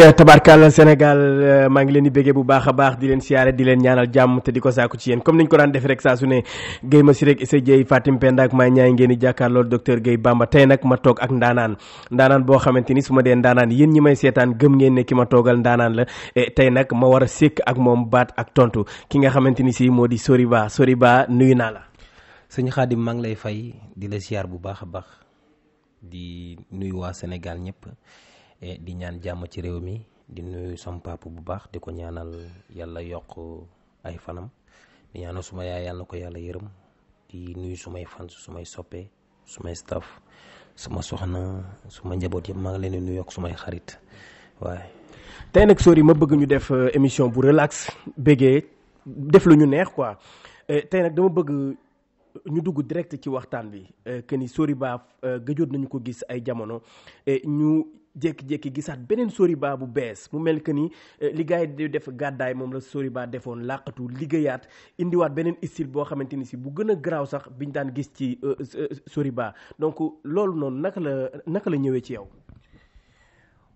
ca tabarkal sénégal euh, maa ngi leen di béggee bu baax a baax di leen siyaare di leen ñaanal jàmm te di saaku ci yéen comme niñ ko daan def rek saa su ne ma si isa jëy fatim penda ak may ñaay ngeen di jàkkaarlool docteur gay bamba tey nag ma toog ak ndaanaan ndaanaan boo xamante ni su ma dee ndaanaan yéen ñi may seetaan gëm ngeen ne ki ma toogal ndaanaan la eh, tey nag ma war a ak moom baat ak tontu ki nga xamante si modi di soriba soriba nuyu naa la sëñ xaadim maa ngi lay fay di la siyaar bu baax a baax di nuyu waa sénégal ñëpp E, di ñaan jàmm ci réew mi di nuyu sama papa bu baax di ko ñaanal yàlla yokk ay fanam di ñaanal suma yaay yàlla ko yàlla yërëm di nuyu sumay fans sumay soppe sumay staff suma soxna suma njaboot yëpp maa ngi leen di nuyu ak sumay xarit waaye. tey nag sori ma bëgg ñu def euh, émission bu relax bëggee def lu ñu neex quoi euh, tey nag dama bëgg. ñu dugg direct ci waxtaan bi euh, que ni Sori Ba gëjoon nañu ko gis ay jamono ñu jékki-jékki gisaat beneen soribaa bu bees mu mel que ni eh, li gars di def gàddaay moom la Soriba defoon làqatu liggéeyaat indiwaat beneen style boo xamante ni si bu gën a garaaw sax ñu daan gis ci eh, eh, Soriba donc loolu noonu naka la naka la ñëwee ci yow.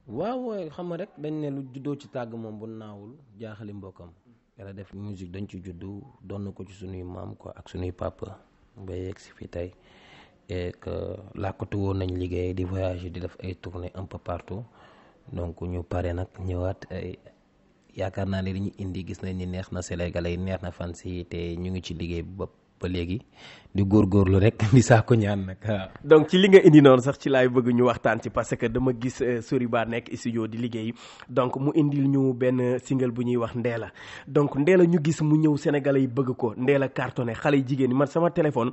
waaw xam nga rek dañ ne lu juddoo ci tàgg moom bu naawul jaaxali mbokkam yàlla def musique dañ ci juddu doon na ko ci sunuy maam ko ak sunuy papa ba yegg si fi tey. et que làkkatu woon nañ liggéey di voyager di def ay tournées un peu partout donc ñu pare nag ñëwaat yaakaar naa ne li ñu indi gis nañ ni neex na Sénégalais yi neex na fans yi te ñu ngi ci liggéey ba ba léegi di góor góorlu rek di saako ñaan nag donc ci li nga indi noonu sax ci laay bëgg ñu waxtaan si parce que dama gis euh, Soriba nekk studio di liggéey donc mu indi ñu benn single bu ñuy wax la donc la ñu gis mu ñëw Sénégalais yi bëgg ko Ndéla cartonné xale yu jigéen ñi man sama téléphone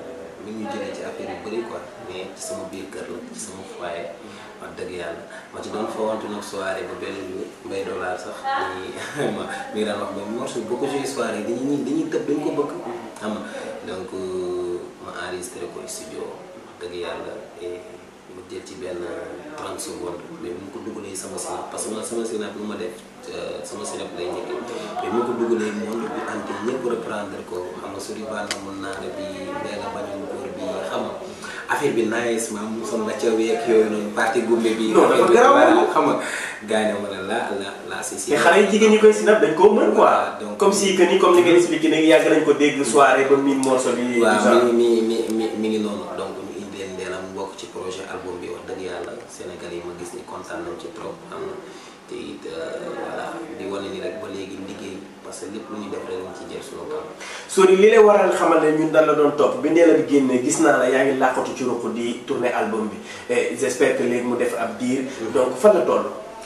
mi ngi jëlee ci affaire yu bëri quoi mais ci sama biir kër ci sama foyer wax dëgg yàlla ma ci doon fawantu nag soirée ba benn jour dollar sax dañuy ma mi ngi daan wax ba morceau boo ko joué soirée dañuy dañuy tëb dañ ko bëgg am nga donc euh, ma enregistré ko studio wax dëgg yàlla mu jël ci benn 30 secondes mais bu ma ko dugalee sama snap parce que man sama snap lu ma def euh, sama snap lay njëkk mais ma ko dugalee ko xam nga sori baal na mun xam nga bi nice maam mu son na ca week yooyu noonu parti gumbe bi. non dafa garaaw xam nga gars ma ne la la si si. xale yi jigéen ñi koy snap dañ koo mën quoi. donc comme si que ni comme ni nga expliqué nag yàgg nañ ko dégg soirée ba miin morceau bi. waaw mi mi mi ngi noonu donc. kontaan nañ ci trop am ah, te it euh, voilà di wane ni rek ba léegi parce que ñu def rek ñu li lay waral xamal ne ñu dañ la doon topp bi nee la bi génne gis naa la yaa ngi làqatu ci ruq di tourner album bi eh, j'espère que mu def ab diir. Mm-hmm. donc fan la toll.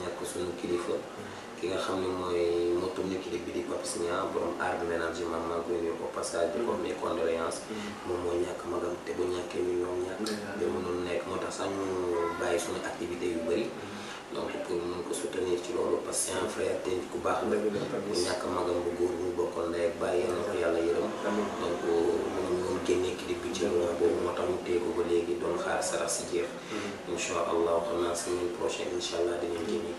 ñàkk suñu kilifa ki nga xam ne mooy moo tourné clip bi di Papis Niang borom art ménagement maa ngi koy nuyu au passage di ko mes condoléances mm-hmm. Mm-hmm. moom moo ñàkk magam te bu ñàkkee ñu ñoom ñàkk da mm-hmm. mënul nekk moo tax sax ñu bàyyi suñu activité yu bëri donc pour mun ko soutenir ci loolu parce que c'est un frère te ku baax la bu ñàkk magam bu góor ñu bokkoon ndey ak bàyyi yal na ko yàlla yërëm donc mënuñu woon génnee clip bi ci loolu boobu moo tax mu téye ko ba léegi doon xaar sarax si jeex incha allah xam naa semaine prochaine incha allah dañuy génne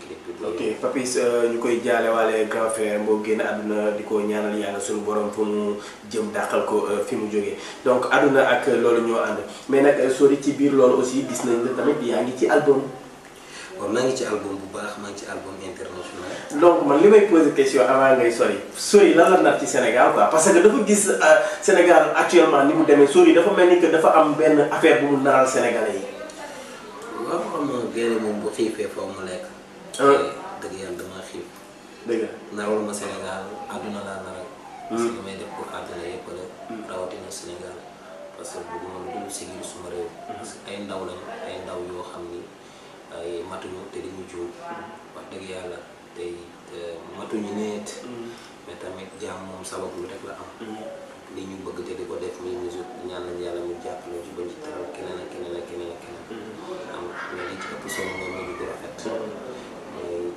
Papis euh, ñu koy jaalewaale grand frère moo génn àdduna di ko ñaanal yàlla suñu borom fu mu jëm dàqal ko euh, fi mu jógee donc àdduna ak loolu ñoo ànd mais nag euh, sori ci biir loolu aussi gis nañ la tamit yaa ngi ci album. waaw maa ngi ci album bu baax maa ngi ci album international. donc man li may poser question avant ngay sori sori lan la nar ci Sénégal quoi parce que dafa gis Sénégal actuellement ni mu demee sori dafa mel ni que dafa am benn affaire bu mu naral Sénégalais moom bu xiifee foofu mu lekk. narawul ma Sénégal àdduna laa naral. parce que li may def pour àdduna yëpp la. rawatina Sénégal parce que bëgguma lu dul sigil suma réew. parce ay ndaw lañ ay ndaw yoo xam ni ay matuñu te dañu juum. Hmm. wax dëgg yàlla tey hmm. tamit jaam moom sabab hmm. bëgg te di ko def muy musique ñaan yàlla mu jàppale ci bañ ci keneen ak keneen ak keneen ak keneen. am na li ci ëpp solo mooy mujj bu rafet. mooy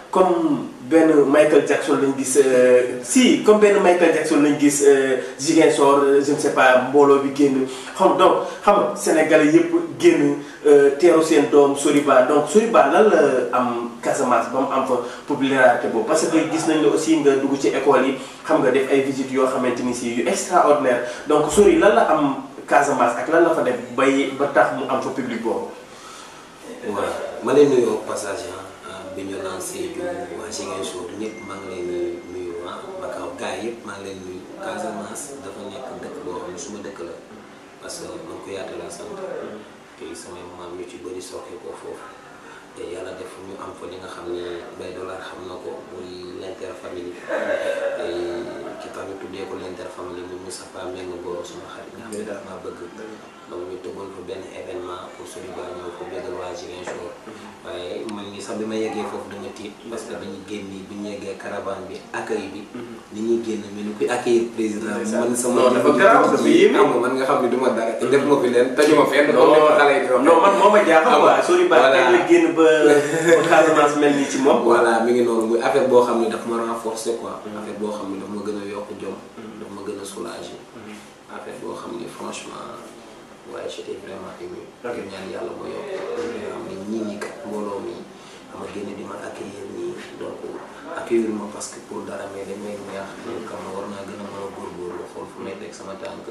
comme Ben Michael Jackson l'a gis euh, si comme Michael Jackson ne gis Sor euh, euh, je ne sais pas pas, bi ne xam donc xam sénégalais Sénégalais pas, je ne sen pas, Souriba, donc sais lan am Casamance pas, am fa popularité je parce que gis nañ ne aussi nga dugg ci école yi xam nga def ay visites extraordinaire donc Souri lan la am Casamance ak lan la fa def bay ba mu am fa public bi ñu lancé waa Ziguinchor ñëpp maa ngi leen di nuyu waa Bakaaw gars yëpp maa ngi leen Casamance dafa nekk dëkk boo xam ne suma dëkk la parce que man ko yaata laa sant te samay maam ñu ci bëri soxee ko foofu te yàlla def ñu am fa li nga xam ne bay dollar xam na ko muy l'interfamille ci tamit tuddee ko l'interfamille mu Moustapha Mbengue Goro suma xarit nga xam ne bëgg donc ñu tëggoon fa benn événement pour Sodiba ñëw fa bégal waa Ziguinchor mhm. waaye man ngi sax bi ma yeggee foofu tiit parce que dañu bi ñu yeggee caravane bi accueil bi mhm. ni ñuy génn mais ni accueillir président man sama dafa garaaw dafa man nga xam ne dara def ma fi leen tajuma fenn non man moo ma jaaxal waa ah ba ba Casamance mel nii ci moom. voilà mi ngi noonu muy affaire boo xam ne daf ma renforcer quoi. Mm-hmm. affaire boo xam ne daf ma gën a yokk jom. Mm-hmm. daf ma gën a soulager. Mm-hmm. affaire boo xam ne franchement waaye j'étais vraiment ému. yàlla ma yokk. nii donc accueillir ma parce war naa gën a mën a góorgóorlu xool fu may teg sama tànk.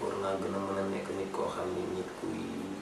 war naa gën a mën a nekk nit koo xam ne nit kuy.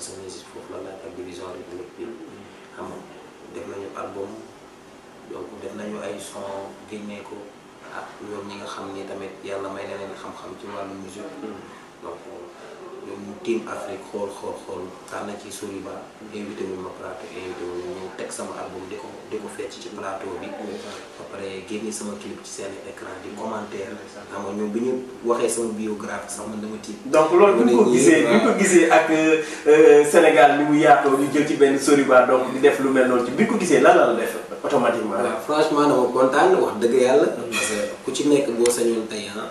parce que foofu la laaj ak division rythmique bi xam nga def nañu album donc def nañu ay son génnee ko ak ñoom ñi nga xam ni tamit yàlla may ne leen xam-xam ci wàllu musique mm. donc mu tiim Afrique xool xool xool tànn ci Soriba invité wu ma plateau invité wu ñu teg sama album di ko di ko fecc ci plateau bi. ba pare génne sama clip ci seen écran di commentaire. xam nga ñoom bi ñu waxee sama biographie sax man dama tiit. donc loolu bu ñu ko gisee bu ko gisee ak euh, Sénégal li mu yaatoo ñu jël ci benn Soriba donc di def lu mel noonu ci bi ko gisee lan la def automatiquement. waaw franchement dama kontaan wax dëgg yàlla. ku ci nekk boo sañoon tey ah.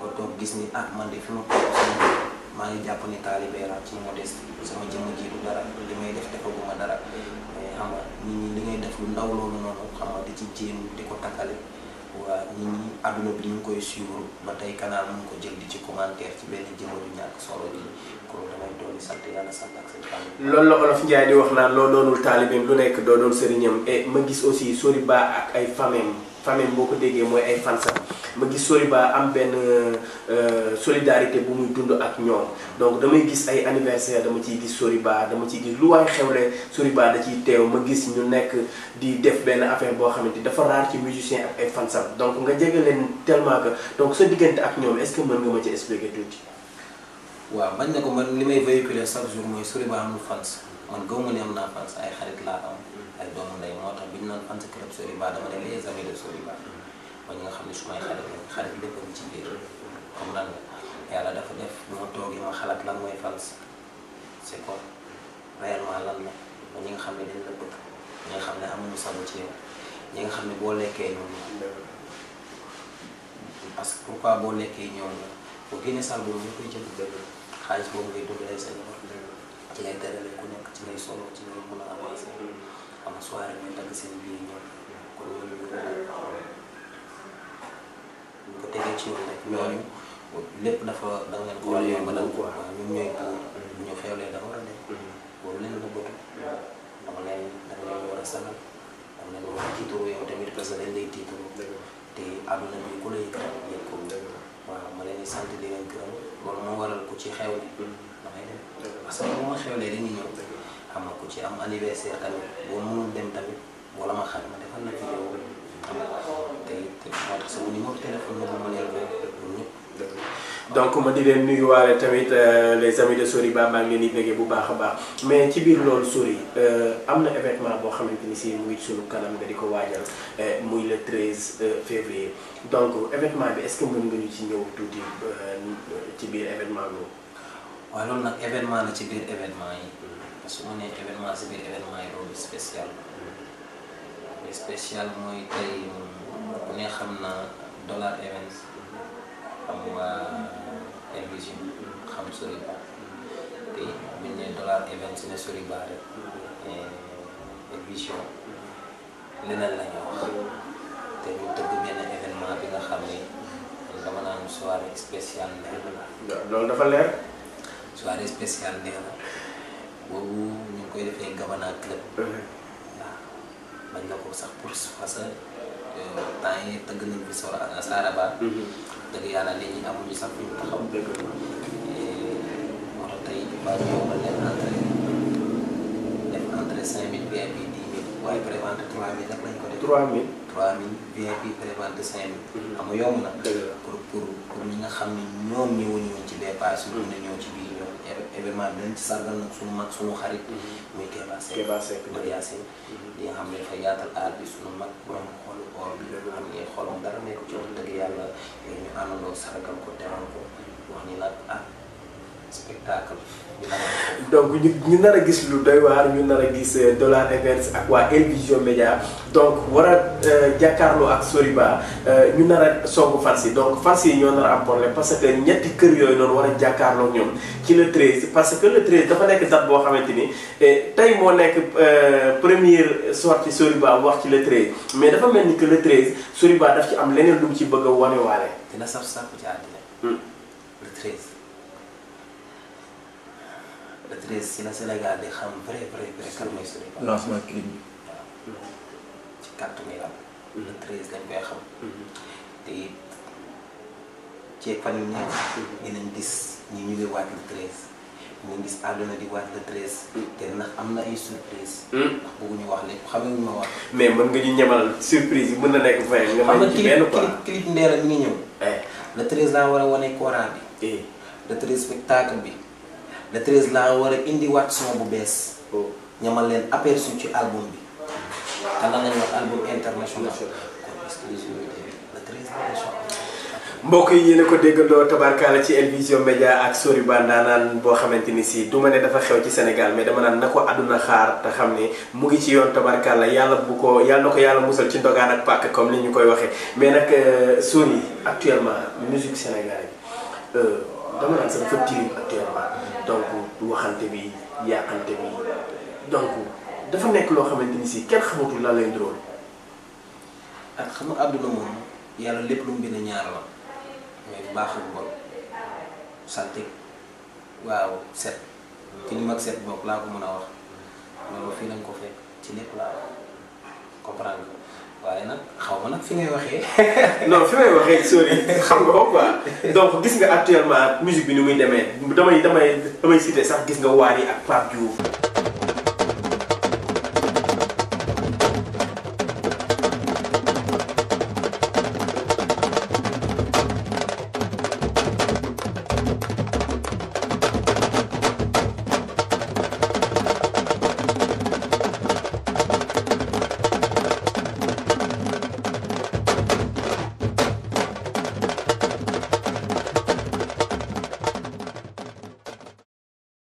nga toog gis ni ah man de fi ma toog sama maa ngi jàpp ni taalibe laa ci modeste sama jëmm ji du dara li may def defaguma dara mais li ngay def lu ndaw loolu xam nga di ci jéem di ko takkale waa nit ñi àdduna bi ñu koy suivre ba tey canal mu ngi ko jël di ci commentaire ci benn jëmm du ñàkk bi kon damay doon sant yàlla sant ak loolu wax naan loo doonul taalibeem lu nekk doo doon sëriñam ma gis aussi Sori Ba ak ay famem famille boo ko déggee mooy ay fansam ma gis sori ba am benn euh, solidarité bu muy dund ak ñoom donc damay gis ay anniversaire dama ciy gis sori ba dama ciy gis lu waay xewle ba da ciy teew ma gis ñu nekk di def ben affaire bo xamante dafa raar ci musicien ak ay fansam donc nga jege tellement que donc sa diggante ak ñoom est-ce que mën nga ma ci expliquer tuuti. wa bañ na ko man limay véhiculer chaque jour moy mooy Soriba amul fans man gëw ma ne am na fans ay xarit la am. ay doomu ndey moo tax bi ñu naan fans club Soriba dama ne les amis de Soriba mooy ñi nga xam ne su may xarit xarit lépp a ngi ci biir comme lan la yàlla dafa def moo toogee ma xalaat lan mooy fans c'est quoi réellement lan la ba ñi nga xam ne dañ la bëgg ñi nga xam ne amuñu sago ci yow ñi nga xam ne boo lekkee ñoom parce que pourquoi boo lekkee ñoom la boo génnee sax boobu ñu koy jënd xaalis boobu ngay dundalee ku nekk ci lay solo ci lay mën a avancer am soirée ñu dagg seen biir ñoom ko tegee ci yoon rek ñooñu lépp dafa da nga leen ko war a da nga ko waaw ñun ñooy buur ñu feewlee dafa war a nekk boobu leen la bëtu dama leen dama leen war a sagal dama leen war a tiitaroo yow tamit parce que dañ lay tiitaroo te àdduna bi ku lay ko waaw ma leen di sant di leen gërëm loolu moo waral ku ci xewle damay xam ko ci am anniversaire tamit boo mënul dem tamit wala ma xam ma defal na vidéo xam nga tey tax sama numéro téléphone la bu ma leen woo ñëpp. donc ma di leen nuyuwaale tamit euh, les amis de Soriba maa ngi leen di bëggee bu baax a baax mais ci biir loolu Sori euh, am na événement boo xamante ni si mu ngi sunu kanam nga di ko waajal euh, muy le 13 février donc événement bi est-ce que mën nga ñu ci ñëw tuuti ci biir événement boobu. waaw loolu nag événement la ci biir événement yi. su mu nee événement si biir événement yi loolu spécial lu spécial mooy tey ku ne xam na dollar events xam waa Elvision xam Soriba te dollar events ne Soriba rek eh, Elvision leneen la ñu wax te ñu tëgg benn événement bi nga xam ne dama naan soirée spéciale neex la loolu dafa leer soirée spéciale neex boobu ñu ngi koy defee Gabana club. Mhm. waaw ko sax pour parce que euh, temps yii tëgg nañ fi Sora euh, Saraba. Mhm. dëgg yàlla nit ñi amuñu sax fi mu moo tax tey ba ñu def entrée def entrée cinq mille VIP dix mille waaye prévente trois mille rek lañ trois mille VIP mm-hmm. prévente pour pour pour nga xam ne ñoom ñëwuñu ci Kepa Seck mën na ñëw ci biir ñoom événement bi dañ ci sargal nag suñu mag suñu xarit mm-hmm. muy Kepa Seck Kepa Seck Maria li mm-hmm. nga xam ne dafa yaatal aar bi suñu mag borom xolu or bi xam ne xolom dara nekk ci wax dëgg yàlla ñu àndandoo sargal ko teral ko wax ni nag ah, spectacle donc ñu ñu nar a gis lu doy waar ñu nar a gis euh, Dollar Events ak waa El Vision Média donc war a euh, jàkkaarloo ak Soriba euh, ñu nar a songu fans yi donc fans yi ñoo nar a am problème parce que ñetti kër yooyu noonu war a jàkkaarloo ñoom ci le 13 parce que le 13 dafa nekk date boo xamante ni tey moo nekk première sortie Soriba wax ci le 13 mais dafa mel ni que le 13 Soriba daf ci am leneen lu mu ci bëgg a wanewaale. dina saf saf ci àddina. Hmm. le 13. le treize si la Sénégal di xam vrai vrai vrai kan mooy suñu papa. lancement clim bi. waaw ci kàttanu yàlla. le treize dañ koy xam. te it ceeb fan yu ñëw. dinañ gis ñu ñëwee waat le treize. ñu gis àdduna di waat le treize. te ndax am na ay surprise. ndax bëgguñu wax lépp xamuñu ma wax. mais mën nga ñu ñemal surprise yi mën na nekk fay. nga may ci benn quoi xam nga clip clip ndeela mi ngi ñëw. le treize laa war a wane kora bi. le treize spectacle bi. le treize laa war a indiwaat son bu bees. ñamal leen aperçu ci album bi. te lan lañ wax album international. le treize mbokk yi yéen ko déggandoo tabarkaala ci El Média ak Soriba ndaanaan boo xamante ni sii du ma ne dafa xew ci Sénégal mais dama naan na ko àdduna xaar te xam ne mu ngi ci yoon tabarkaala yàlla bu ko yàlla na ko yàlla musal ci ndogaan ak pàkk comme ni ñu koy waxee mais nag euh, Sori actuellement musique sénégalaise. Euh, dama naan sax dafa tilim actuellement donc waxante bi yàqante bi donc dafa nekk loo xamante ni si kenn xamatul lan lay ndróol ak xam nga àdduna moom yàlla lépp lu mu bind ñaar la mais baax ak bon salté waaw set tilim ak set bokk laa ko mën a wax loolu fii nañ ko fekk ci lépp laa wax waaye nag xaw ma nag fi ngay waxee. non fi may waxee sori xam nga ko quoi donc gis nga actuellement musique bi ni muy demee damay damay damay cité sax gis nga Wally ak Pape Diouf.